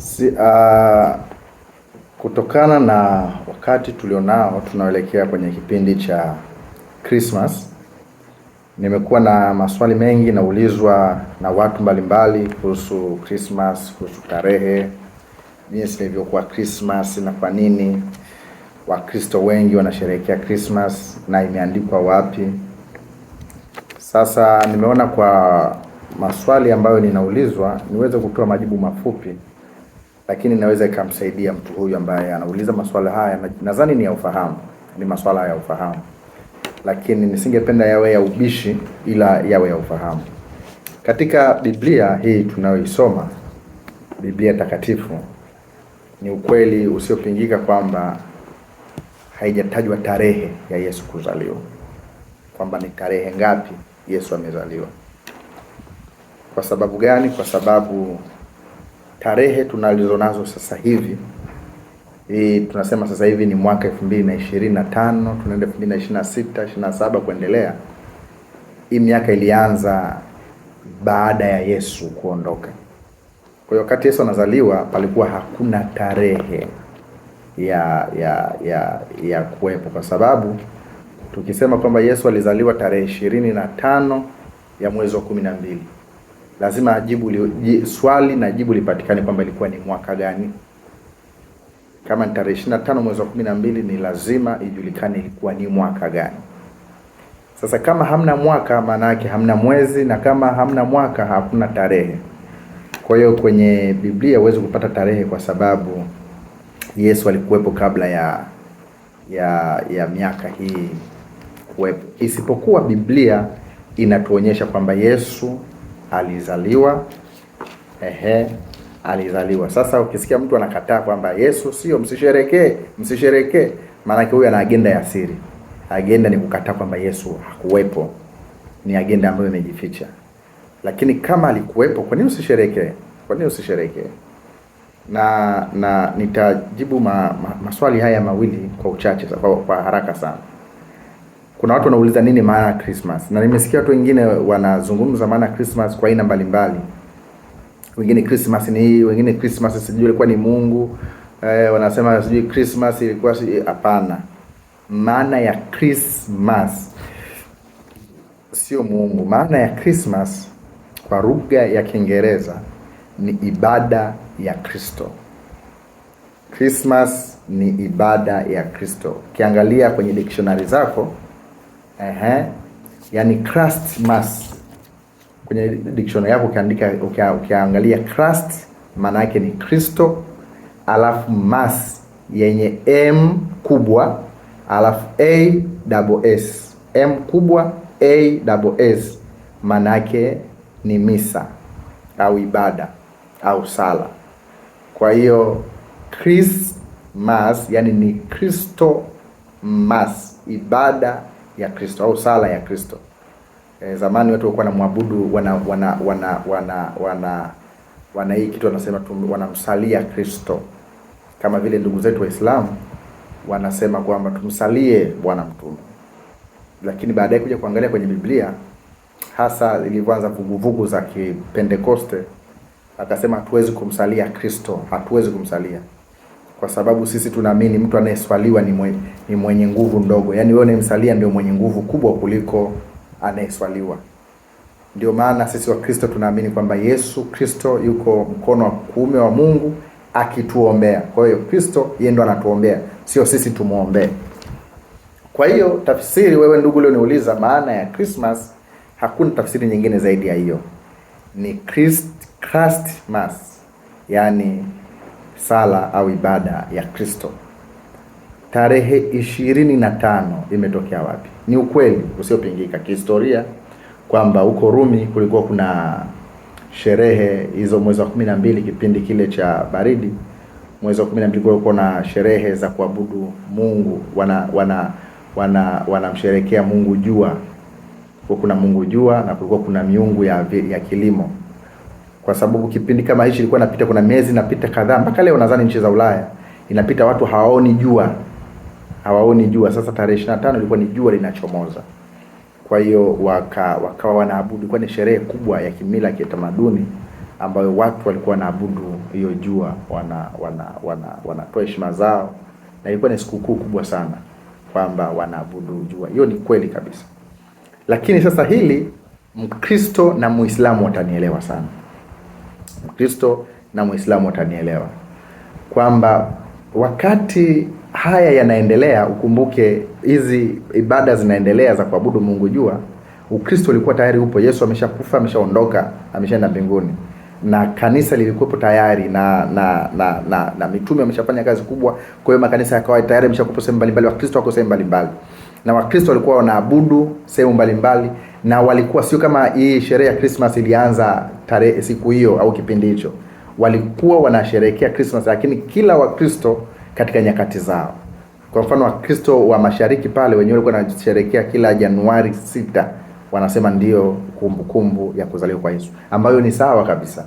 Si, uh, kutokana na wakati tulionao tunaelekea kwenye kipindi cha Christmas, nimekuwa na maswali mengi naulizwa na watu mbalimbali kuhusu Christmas, kuhusu tarehe, jinsi ilivyokuwa Christmas na kwa nini Wakristo wengi wanasherehekea Christmas na imeandikwa wapi. Sasa nimeona kwa maswali ambayo ninaulizwa niweze kutoa majibu mafupi lakini inaweza ikamsaidia mtu huyu ambaye anauliza maswala haya. Nadhani ni ya ufahamu, ni maswala ya ufahamu, lakini nisingependa yawe ya ubishi, ila yawe ya ufahamu. Katika Biblia hii tunayoisoma, Biblia takatifu, ni ukweli usiopingika kwamba haijatajwa tarehe ya Yesu kuzaliwa, kwamba ni tarehe ngapi Yesu amezaliwa. Kwa sababu gani? Kwa sababu tarehe tunalizo nazo sasa hivi hii tunasema sasa hivi ni mwaka elfu mbili na ishirini na tano tunaenda elfu mbili na ishirini na sita ishirini na saba kuendelea. Hii miaka ilianza baada ya Yesu kuondoka. Kwa hiyo wakati Yesu anazaliwa palikuwa hakuna tarehe ya ya ya ya kuwepo, kwa sababu tukisema kwamba Yesu alizaliwa tarehe ishirini na tano ya mwezi wa kumi na mbili lazima jibu li, swali na jibu lipatikane kwamba ilikuwa ni mwaka gani. Kama ni tarehe 25 mwezi wa 12, ni lazima ijulikane ilikuwa ni mwaka gani. Sasa kama hamna mwaka, maana yake hamna mwezi, na kama hamna mwaka hakuna tarehe. Kwa hiyo kwenye Biblia huwezi kupata tarehe, kwa sababu Yesu alikuwepo kabla ya ya ya miaka hii kuwepo, isipokuwa Biblia inatuonyesha kwamba Yesu alizaliwa. Ehe, alizaliwa. Sasa ukisikia mtu anakataa kwamba Yesu sio, msisherekee, msisherekee, maanake huyu ana agenda ya siri. Agenda ni kukataa kwamba Yesu hakuwepo, ni agenda ambayo imejificha. Lakini kama alikuwepo, kwa nini usisherekee? Kwa nini usisherekee? Na na nitajibu ma, ma, maswali haya mawili kwa uchache, kwa, kwa haraka sana kuna watu wanauliza nini maana ya Christmas, na nimesikia watu wengine wanazungumza maana ya Christmas kwa aina mbalimbali. Wengine Christmas ni hii, wengine Christmas sijui ilikuwa ni Mungu eh, wanasema sijui Christmas ilikuwa hapana. Maana ya Christmas sio Mungu. Maana ya Christmas kwa lugha ya Kiingereza ni ibada ya Kristo. Christmas ni ibada ya Kristo. Ukiangalia kwenye dictionary zako ehe, yani crust mass. Kwenye dictionary yako ukiandika, ukiangalia crust maana yake ni crystal, alafu mass yenye m kubwa, alafu a double s, m kubwa a double s, maana yake ni misa au ibada au sala. Kwa hiyo mass yani ni Kristo Mass, ibada ya Kristo au sala ya Kristo. E, zamani watu walikuwa wanamwabudu wana wana wana wana wana wana hii kitu wanasema wanamsalia Kristo, kama vile ndugu zetu Waislamu wanasema kwamba tumsalie Bwana Mtume, lakini baadaye kuja kuangalia kwenye Biblia hasa ilivyoanza vuguvugu za Kipentekoste, akasema hatuwezi kumsalia Kristo, hatuwezi kumsalia kwa sababu sisi tunaamini mtu anayeswaliwa ni mwenye, ni mwenye nguvu ndogo. Yaani wewe unayemsalia ndio mwenye nguvu kubwa kuliko anayeswaliwa. Ndio maana sisi Wakristo tunaamini kwamba Yesu Kristo yuko mkono wa kuume wa Mungu akituombea. Kwa hiyo Kristo yeye ndo anatuombea, sio sisi tumwombee. Kwa hiyo tafsiri, wewe ndugu ulioniuliza maana ya Christmas, hakuna tafsiri nyingine zaidi ya hiyo, ni Christ, Christmas, yaani sala au ibada ya Kristo. Tarehe ishirini na tano imetokea wapi? Ni ukweli usiopingika kihistoria kwamba huko Rumi kulikuwa kuna sherehe hizo mwezi wa kumi na mbili kipindi kile cha baridi. Mwezi wa kumi na mbili kulikuwa na sherehe za kuabudu Mungu, wana wana wana wanamsherekea Mungu jua, kulikuwa kuna Mungu jua na kulikuwa kuna miungu ya ya kilimo kwa sababu kipindi kama hichi ilikuwa inapita, kuna miezi inapita kadhaa, mpaka leo nadhani nchi za Ulaya inapita, watu hawaoni jua, hawaoni jua. Sasa tarehe 25 ilikuwa ni jua linachomoza, kwa hiyo waka wakawa wanaabudu, kwa ni sherehe kubwa ya kimila ya kitamaduni ambayo watu walikuwa wanaabudu hiyo jua, wana wana wana wanatoa wana heshima zao, na ilikuwa ni sikukuu kubwa sana kwamba wanaabudu jua. Hiyo ni kweli kabisa, lakini sasa hili Mkristo na Muislamu watanielewa sana. Mkristo na Mwislamu watanielewa kwamba wakati haya yanaendelea, ukumbuke hizi ibada zinaendelea za kuabudu Mungu jua, Ukristo ulikuwa tayari upo. Yesu ameshakufa, ameshaondoka, ameshaenda mbinguni na kanisa lilikuwepo tayari na na na na, na mitume ameshafanya kazi kubwa. Kwa hiyo makanisa yakawa tayari ameshakupo sehemu mbalimbali, Wakristo wako sehemu mbalimbali, na Wakristo walikuwa wanaabudu sehemu mbalimbali na walikuwa sio kama hii sherehe ya Christmas ilianza tarehe siku hiyo au kipindi hicho, walikuwa wanasherehekea Christmas, lakini kila Wakristo katika nyakati zao. Kwa mfano Wakristo wa mashariki pale wenyewe walikuwa wanasherehekea kila Januari sita, wanasema ndiyo kumbukumbu kumbu ya kuzaliwa kwa Yesu, ambayo ni sawa kabisa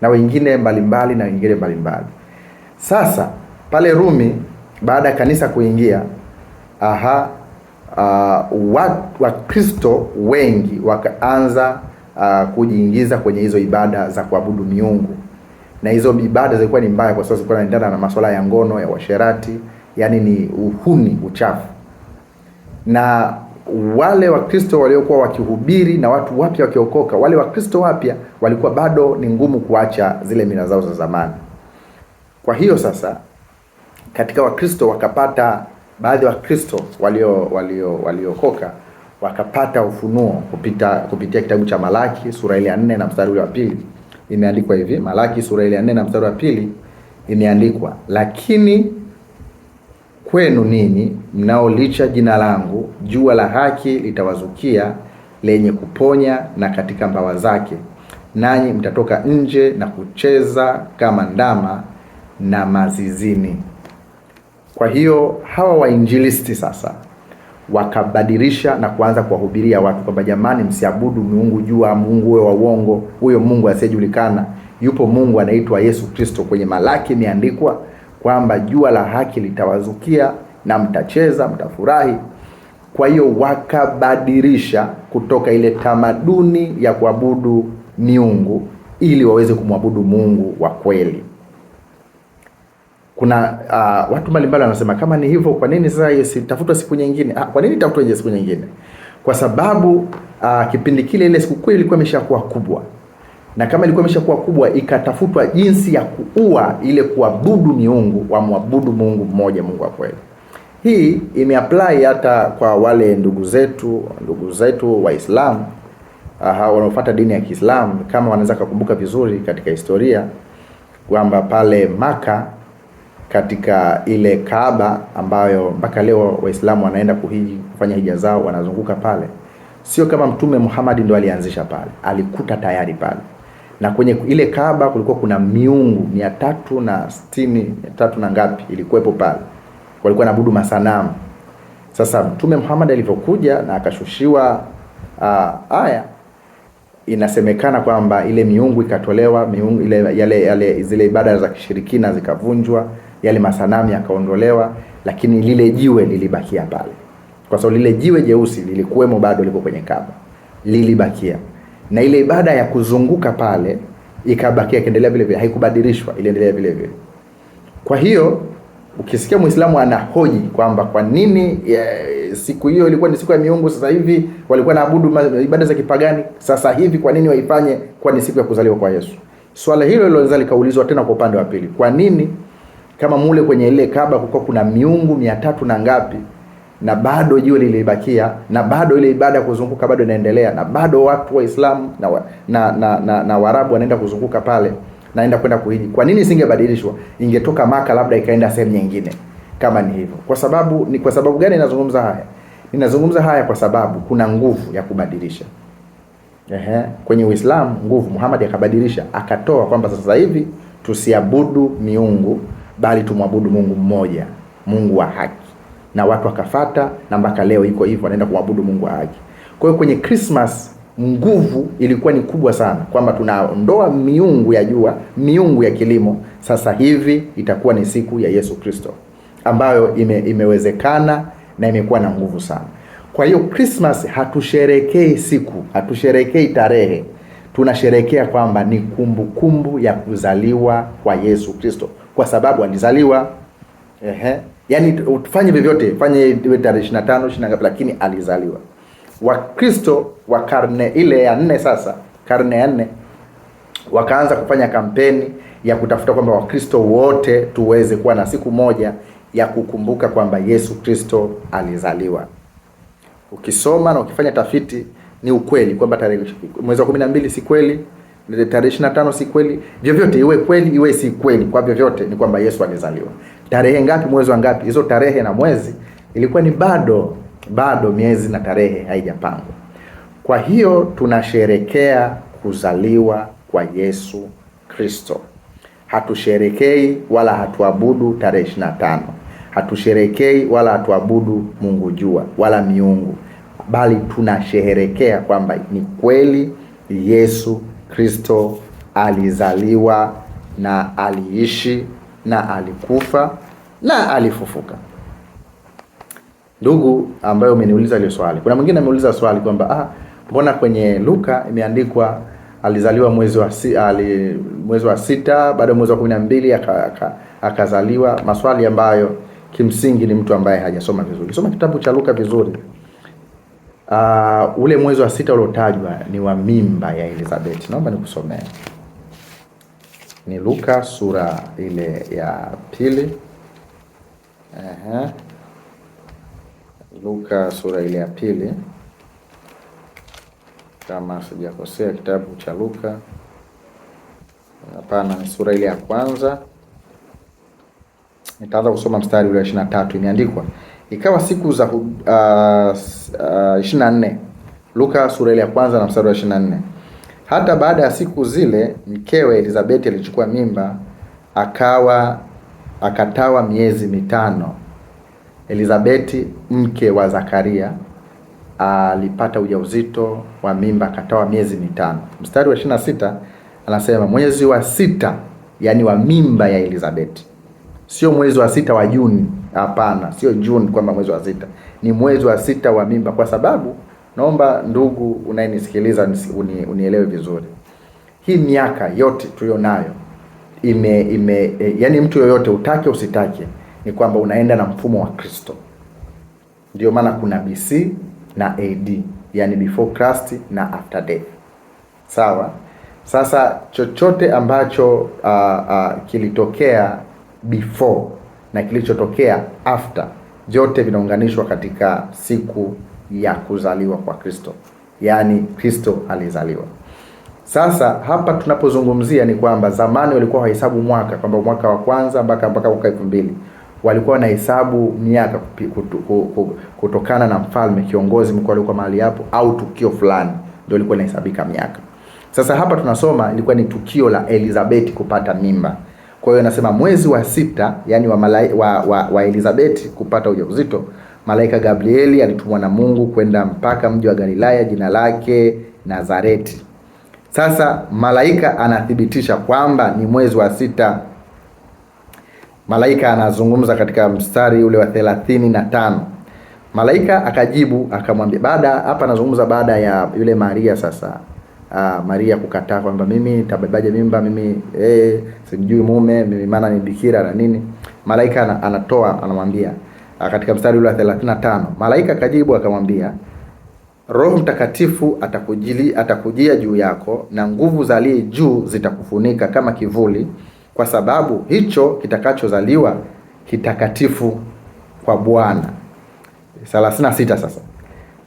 na wengine mbalimbali na wengine mbalimbali. Sasa pale Rumi, baada ya kanisa kuingia, aha uh, Wakristo wengi wakaanza uh, kujiingiza kwenye hizo ibada za kuabudu miungu, na hizo ibada zilikuwa ni mbaya, kwa sababu zilikuwa zinaendana na masuala ya ngono, ya washerati yani ni uhuni, uchafu. Na wale Wakristo waliokuwa wakihubiri na watu wapya wakiokoka, wale Wakristo wapya walikuwa bado ni ngumu kuacha zile mila zao za zamani. Kwa hiyo sasa, katika Wakristo wakapata baadhi wa kristo walio walio, waliokoka wakapata ufunuo kupita, kupitia kitabu cha Malaki sura ile ya nne na mstari ule wa pili imeandikwa hivi. Malaki sura ile ya nne na mstari wa pili imeandikwa, lakini kwenu ninyi mnaolicha jina langu, jua la haki litawazukia lenye kuponya na katika mbawa zake, nanyi mtatoka nje na kucheza kama ndama na mazizini. Kwa hiyo hawa wainjilisti sasa wakabadilisha na kuanza kuwahubiria watu kwamba jamani, msiabudu miungu jua, mungu huyo wa uongo, huyo mungu asiyejulikana. Yupo mungu anaitwa Yesu Kristo. Kwenye Malaki imeandikwa kwamba jua la haki litawazukia na mtacheza, mtafurahi. Kwa hiyo wakabadilisha kutoka ile tamaduni ya kuabudu miungu ili waweze kumwabudu Mungu wa kweli kuna uh, watu mbalimbali wanasema kama ni hivyo, kwa nini sasa isitafutwa siku nyingine? Ah, kwa nini tafutwa je siku nyingine? Kwa sababu uh, kipindi kile ile sikukuu ilikuwa imeshakuwa kubwa, na kama ilikuwa imeshakuwa kubwa ikatafutwa jinsi ya kuua ile kuabudu miungu, wamwabudu Mungu mmoja, Mungu wa kweli. Hii imeapply hata kwa wale ndugu zetu ndugu zetu Waislamu wanaofuata dini ya Kiislamu, kama wanaweza kukumbuka vizuri katika historia kwamba pale Maka katika ile Kaaba ambayo mpaka leo Waislamu wanaenda kuhiji kufanya hija zao, wanazunguka pale. Sio kama Mtume Muhammad ndo alianzisha pale, alikuta tayari pale, na kwenye ile Kaaba kulikuwa kuna miungu mia tatu na sitini mia tatu na ngapi ilikuwepo pale, walikuwa naabudu masanamu. Sasa Mtume Muhammad alivyokuja na akashushiwa uh, aya inasemekana kwamba ile miungu ikatolewa miungu, ile, yale, yale zile ibada za kishirikina zikavunjwa yale masanamu yakaondolewa, lakini lile jiwe lilibakia pale, kwa sababu lile jiwe jeusi lilikuwemo bado, lipo kwenye kaba, lilibakia na ile ibada ya kuzunguka pale ikabakia, ikaendelea vile vile, haikubadilishwa, iliendelea vile vile. Kwa hiyo ukisikia Muislamu anahoji kwamba kwa nini ya, e, siku hiyo ilikuwa ni siku ya miungu, sasa hivi walikuwa naabudu ibada za kipagani, sasa hivi kwa nini waifanye kwa ni siku ya kuzaliwa kwa Yesu? Swala hilo liloweza likaulizwa tena kwa upande wa pili, kwa nini kama mule kwenye ile kaba kulikuwa kuna miungu mia tatu na ngapi na bado jiwe lilibakia na bado ile ibada ya kuzunguka bado inaendelea na bado watu waislamu na, wa, na, na, na, na waarabu wanaenda kuzunguka pale naenda kwenda kuhiji kwa nini isingebadilishwa ingetoka maka labda ikaenda sehemu nyingine kama ni hivyo kwa sababu ni kwa sababu gani ninazungumza haya ninazungumza haya kwa sababu kuna nguvu ya kubadilisha Ehe. kwenye uislamu nguvu Muhammad akabadilisha akatoa kwamba sasa hivi tusiabudu miungu bali tumwabudu Mungu mmoja, Mungu wa haki. Na watu wakafata, na mpaka leo iko hivyo, wanaenda kumwabudu Mungu wa haki. Kwa hiyo kwenye Christmas nguvu ilikuwa ni kubwa sana, kwamba tunaondoa miungu ya jua, miungu ya kilimo. Sasa hivi itakuwa ni siku ya Yesu Kristo ambayo ime, imewezekana na imekuwa na nguvu sana. Kwa hiyo Christmas hatusherekei siku, hatusherekei tarehe, tunasherekea kwamba ni kumbukumbu kumbu ya kuzaliwa kwa Yesu Kristo kwa sababu alizaliwa. Ehe, yaani ufanye vyovyote, fanye iwe tarehe ishirini na tano ishirini na ngapi, lakini alizaliwa. Wakristo wa karne ile ya nne, sasa karne ya nne, wakaanza kufanya kampeni ya kutafuta kwamba Wakristo wote tuweze kuwa na siku moja ya kukumbuka kwamba Yesu Kristo alizaliwa. Ukisoma na ukifanya tafiti ni ukweli kwamba tarehe mwezi wa kumi na mbili si kweli tarehe ishirini na tano si kweli, vyovyote iwe kweli iwe si kweli, kwa vyovyote ni kwamba Yesu alizaliwa tarehe ngapi, mwezi wa ngapi. Hizo tarehe na mwezi ilikuwa ni bado bado miezi na tarehe haijapangwa. Kwa hiyo tunasherekea kuzaliwa kwa Yesu Kristo, hatusherekei wala hatuabudu tarehe ishirini na tano, hatusherekei wala hatuabudu Mungu jua wala miungu, bali tunasherekea kwamba ni kweli Yesu Kristo alizaliwa na aliishi na alikufa na alifufuka. Ndugu ambayo umeniuliza ile swali, kuna mwingine ameuliza swali kwamba ah, mbona kwenye Luka imeandikwa alizaliwa mwezi wa si, ali, mwezi wa sita baada ya mwezi wa kumi na mbili akazaliwa. Maswali ambayo kimsingi ni mtu ambaye hajasoma vizuri. Soma kitabu cha Luka vizuri uh, ule mwezi wa sita uliotajwa ni wa mimba ya Elizabeth. Naomba nikusomee, ni Luka sura ile ya pili. Aha. Luka sura ile ya pili, kama sijakosea, kitabu cha Luka. Hapana, ni sura ile ya kwanza. Nitaanza kusoma mstari ule wa ishirini na tatu. Imeandikwa Ikawa siku za uh, uh, 24 Luka sura ile ya kwanza na mstari wa 24. hata baada ya siku zile mkewe Elizabeti alichukua mimba akawa akatawa miezi mitano. Elizabeti mke wa Zakaria alipata ujauzito wa mimba akatawa miezi mitano. Mstari wa 26 anasema mwezi wa sita, yani wa mimba ya Elizabeti, sio mwezi wa sita wa Juni Hapana, sio Juni kwamba mwezi wa sita, ni mwezi wa sita wa mimba, kwa sababu naomba ndugu unayenisikiliza uni, unielewe vizuri. Hii miaka yote tuliyonayo ime, ime e, yani mtu yoyote utake usitake, ni kwamba unaenda na mfumo wa Kristo. Ndio maana kuna BC na AD, yani before Christ na after death. Sawa. Sasa chochote ambacho uh, uh, kilitokea before na kilichotokea after vyote vinaunganishwa katika siku ya kuzaliwa kwa Kristo, yaani Kristo alizaliwa. Sasa hapa tunapozungumzia ni kwamba zamani walikuwa wahesabu mwaka kwamba mwaka wa kwanza mpaka mpaka mwaka elfu mbili walikuwa wanahesabu miaka kutokana na mfalme kiongozi mkuu alikuwa mahali hapo, au tukio fulani ndio ilikuwa inahesabika miaka. Sasa hapa tunasoma ilikuwa ni tukio la elizabeth kupata mimba. Kwa hiyo anasema mwezi wa sita, yani wa, malai, wa, wa, wa Elizabeth kupata ujauzito, malaika Gabrieli alitumwa na Mungu kwenda mpaka mji wa Galilaya jina lake Nazareti. Sasa malaika anathibitisha kwamba ni mwezi wa sita. Malaika anazungumza katika mstari ule wa thelathini na tano. Malaika akajibu akamwambia, baada hapa anazungumza baada ya yule Maria sasa uh, Maria kukataa kwamba mimi nitabebaje mimba mimi eh, sijui mume mimi, maana ni bikira na nini. Malaika anatoa anamwambia, uh, katika mstari ule wa 35 malaika kajibu akamwambia, Roho Mtakatifu atakujili atakujia juu yako na nguvu za aliye juu zitakufunika kama kivuli, kwa sababu hicho kitakachozaliwa kitakatifu kwa Bwana. 36 sasa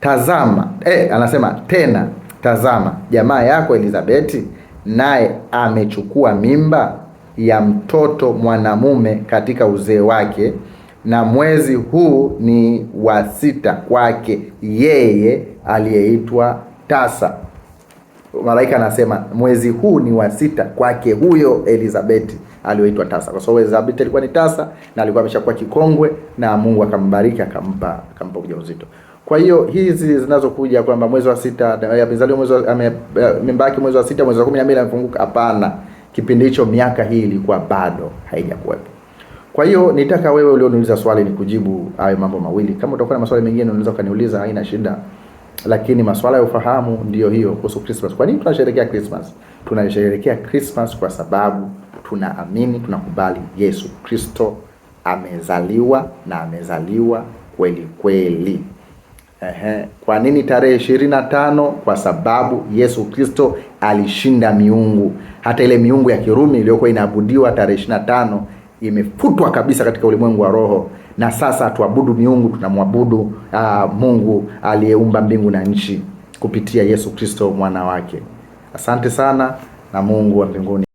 tazama, eh, anasema tena Tazama, jamaa yako Elizabeti naye amechukua mimba ya mtoto mwanamume katika uzee wake, na mwezi huu ni wa sita kwake yeye aliyeitwa tasa. Malaika anasema mwezi huu ni wa sita kwake huyo Elizabeti aliyoitwa tasa, kwa sababu Elizabeti alikuwa ni tasa na alikuwa ameshakuwa kikongwe, na Mungu akambariki akampa akampa ujauzito. Kwa hiyo hizi zinazokuja kwamba mwezi wa sita eh, amezaliwa mwezi amebaki eh, mwezi wa sita mwezi wa 12 amefunguka, hapana, kipindi hicho miaka hii ilikuwa bado haijakuwepo. Kwa hiyo nitaka wewe ulioniuliza swali ni kujibu hayo mambo mawili. Kama utakuwa na maswali mengine unaweza ukaniuliza, haina shida, lakini maswala ya ufahamu ndiyo hiyo kuhusu Christmas. Kwa nini tunasherehekea Christmas? Tunasherehekea Christmas kwa sababu tunaamini, tunakubali Yesu Kristo amezaliwa na amezaliwa kweli kweli. Ehe. Kwa nini tarehe ishirini na tano? Kwa sababu Yesu Kristo alishinda miungu. Hata ile miungu ya Kirumi iliyokuwa inaabudiwa tarehe ishirini na tano imefutwa kabisa katika ulimwengu wa roho, na sasa hatuabudu miungu, tunamwabudu uh, Mungu aliyeumba mbingu na nchi kupitia Yesu Kristo mwana wake. Asante sana na Mungu wa mbinguni